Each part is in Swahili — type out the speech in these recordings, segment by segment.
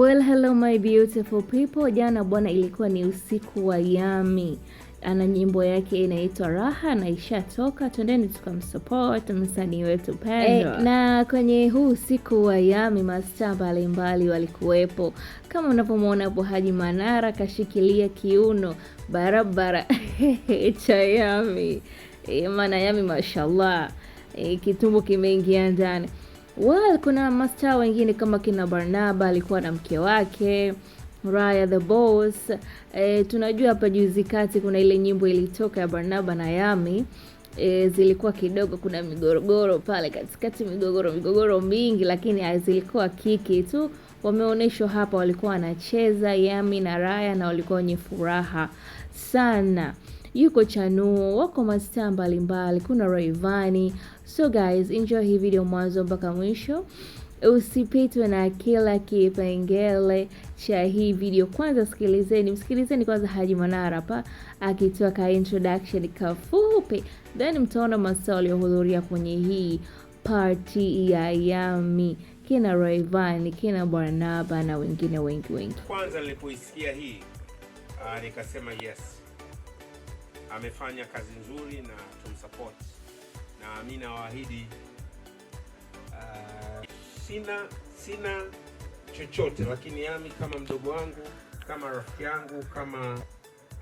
Well, hello my beautiful people. Jana bwana, ilikuwa ni usiku wa yami ana nyimbo yake inaitwa Raha na ishatoka, twendeni tukamsupport msanii wetu pendwa. Hey, eh, na kwenye huu usiku wa yami mastaa mbalimbali walikuwepo kama unavyomwona hapo, Haji Manara kashikilia kiuno barabara cha yami e, eh, maana Yami mashallah e, eh, kitumbo kimeingia ndani Well, kuna mastaa wengine kama kina Barnaba alikuwa na mke wake Raya the Boss. E, tunajua hapa juzi kati kuna ile nyimbo ilitoka ya Barnaba na Yami. E, zilikuwa kidogo kuna migorogoro pale katikati, migogoro migogoro mingi, lakini zilikuwa kiki tu. Wameonyeshwa hapa walikuwa wanacheza Yami na Raya na walikuwa wenye furaha sana yuko Chanuo, wako mastaa mbalimbali, kuna Rayvanny. So guys, enjoy hii video mwanzo mpaka mwisho. Usipitwe na kila kipengele cha hii video. Kwanza sikilizeni, msikilizeni kwanza Haji Manara pa akitoa ka introduction kafupi, then mtaona mastaa waliohudhuria kwenye hii party ya Yami, kina Rayvanny, kina Barnaba na wengine wengi wengi. Kwanza nilipoisikia hii, uh, nikasema yes amefanya kazi nzuri na tumsupport, na mimi nawaahidi uh, sina sina chochote, lakini Yami kama mdogo wangu kama rafiki yangu kama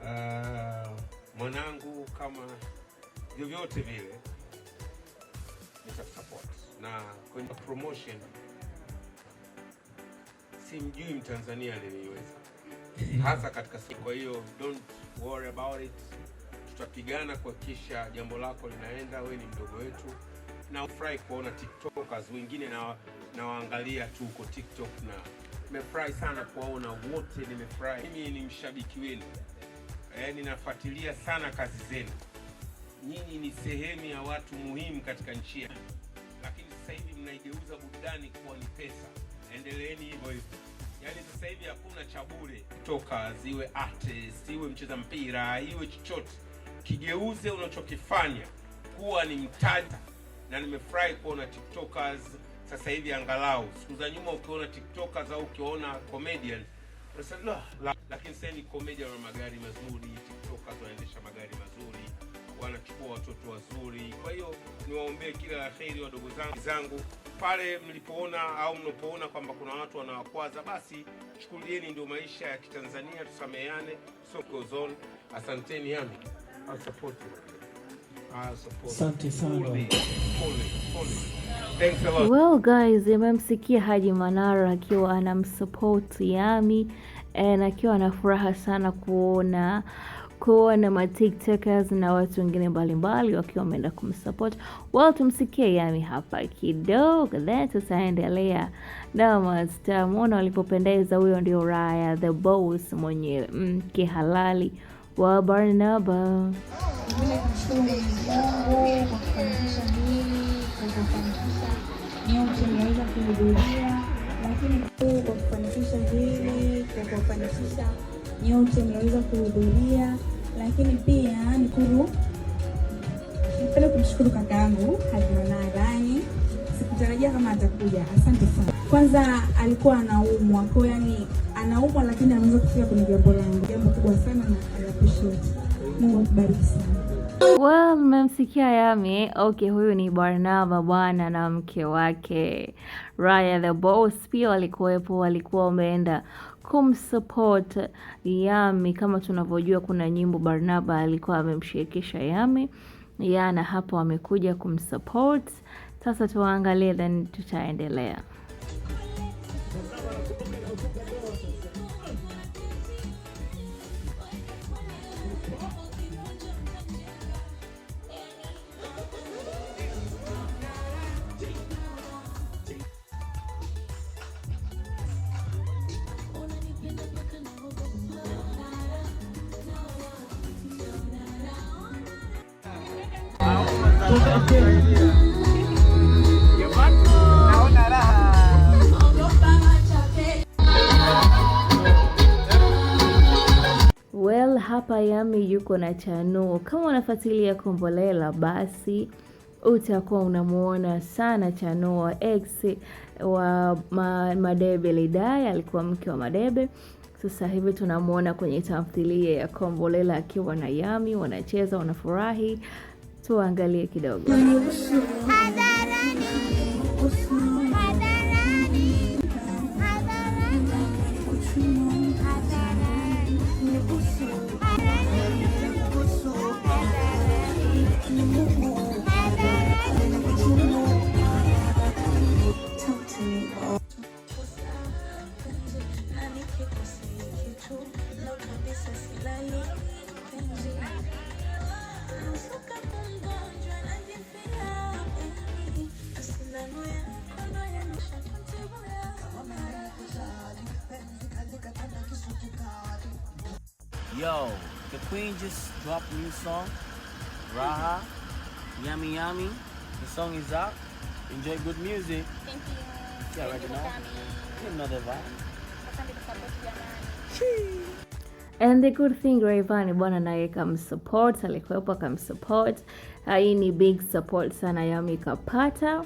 uh, mwanangu kama vyovyote vile nitakusupport na kwenye promotion simjui Mtanzania aliniweza hasa katika siku hiyo, don't worry about it tutapigana kuhakikisha jambo lako linaenda. Wewe ni mdogo wetu, na ufurahi kuona tiktokers wengine na nawaangalia tu huko TikTok na nimefurahi sana kuwaona wote, nimefurahi. Mimi ni mshabiki wenu eh, ninafuatilia sana kazi zenu. Nyinyi ni sehemu ya watu muhimu katika nchi yetu, lakini sasa hivi mnaigeuza burudani kuwa ni pesa. Endeleeni hivyo hivyo, yaani sasa hivi hakuna cha bure. Toka ziwe artist, iwe mcheza mpira, iwe chochote kigeuze unachokifanya kuwa ni mtaji. Na nimefurahi kuona tiktokers sasa hivi, angalau siku za nyuma ukiona tiktokers au ukiona comedian unasema la, lakini sasa ni comedian wa magari mazuri, tiktokers wanaendesha magari mazuri, wanachukua watoto wazuri. Kwa hiyo niwaombee kila la heri wadogo zangu pale mlipoona au mnapoona kwamba kuna watu wanawakwaza, basi chukulieni, ndio maisha ya Kitanzania, tusameheane. Soko asanteni yami Asante sana. Well guys, imemsikia Haji Manara akiwa anamsupport yami and akiwa ana furaha sana kuona kuona ma tiktokers na watu wengine mbalimbali wakiwa wameenda kumsupport. Well, tumsikie yami hapa kidogo, then tutaendelea na mastamona walipopendeza. Huyo ndio Raya the boss mwenyewe mke mm, halali wa Barnaba. Kwa kufanikisha hili, kwa kufanikisha nyote mliweza kuhudhuria, lakini pia nikuru napenda kumshukuru kaka yangu Hajimanarani, sikutarajia kama atakuja. Asante sana. Kwanza alikuwa anaumwa kwa yani anaumwa, lakini anaweza kufika kwenye jambo langu, jambo kubwa sana na appreciate. Mungu akubariki sana. Well, mmemsikia Yami. Okay, huyu ni Barnaba bwana na mke wake Raya the Boss, pia walikuwepo, walikuwa wameenda kumsupport Yami. Kama tunavyojua, kuna nyimbo Barnaba alikuwa amemshirikisha Yami yana hapo amekuja kumsupport. Sasa tuangalie, then tutaendelea. hapa Yammy yuko na Chanuo. Kama unafuatilia Kombolela, basi utakuwa unamuona sana Chanuo wa ex wa Madebe Lidai, alikuwa mke wa Madebe. Sasa hivi tunamuona kwenye tamthilia ya Kombolela akiwa na yami wanacheza wanafurahi. Tuangalie kidogo Yo, the queen just dropped a new song, Raha, Yummy Yummy. The song is out. Enjoy good music. Thank you. Yeah, right you know the vibe. And the good thing Rayvanny bwana naye kamsupport, alikuwepo akamsupport. Hii ni big support sana Yami kapata.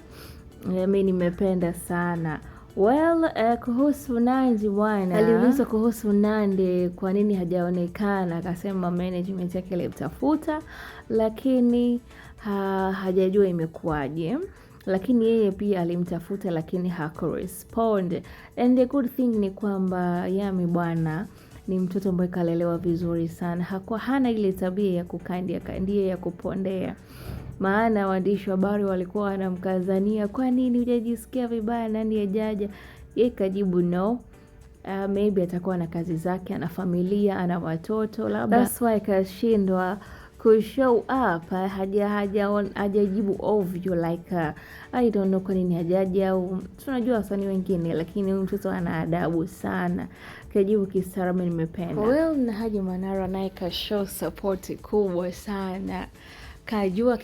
Mimi nimependa sana Well, uh, kuhusu Nandy bwana, aliulizwa kuhusu Nandy kwa nini hajaonekana, akasema management yake ilimtafuta lakini ha, hajajua imekuwaje lakini yeye pia alimtafuta lakini hakurespond. And the good thing ni kwamba Yami bwana ni mtoto ambaye kalelewa vizuri sana, hakuwa hana ile tabia ya kukandia kandia ya kupondea maana waandishi wa habari walikuwa wanamkazania, kwa nini hujajisikia vibaya, nani jaja? Yeye kajibu no. Uh, maybe atakuwa na kazi zake, ana familia, ana watoto labda, that's why kashindwa kushow up. Haja haja hajajibu ovyo like uh, I don't know kwa nini hajaji, au tunajua wasanii wengine, lakini huyu mtoto ana adabu sana, kajibu kistaarabu, nimependa. Well, na Haji Manara naye kashow support kubwa sana kajua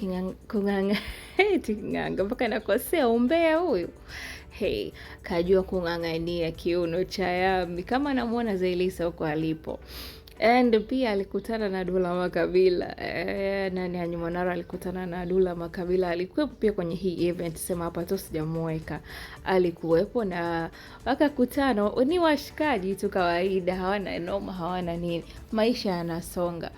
kung'ang'a king'anga mpaka nakosea umbea huyu hey, kajua kung'ang'ania kiuno cha Yambi kama anamwona Zailisa huko alipo. And pia alikutana na Dula Makabila e, nani Anyumanara alikutana na Dula Makabila, alikuwepo pia kwenye hii event, sema hapa tu sijamuweka, alikuwepo na wakakutana. Ni washikaji tu kawaida, hawana noma, hawana nini, maisha yanasonga.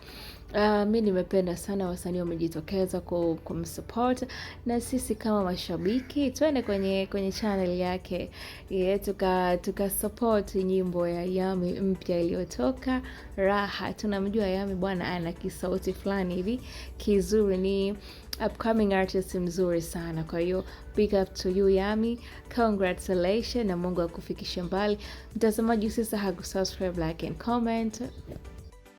Uh, mi nimependa sana wasanii wamejitokeza kumsupport na sisi kama mashabiki tuende kwenye kwenye channel yake ye, tuka nyimbo ya yami mpya iliyotoka Raha. Tunamjua Yami bwana, ana kisauti fulani hivi kizuri, ni upcoming artist mzuri sana. Kwa hiyo big up to you Yami, congratulations na Mungu akufikishe mbali. Mtazamaji, usisahau kusubscribe, like and comment.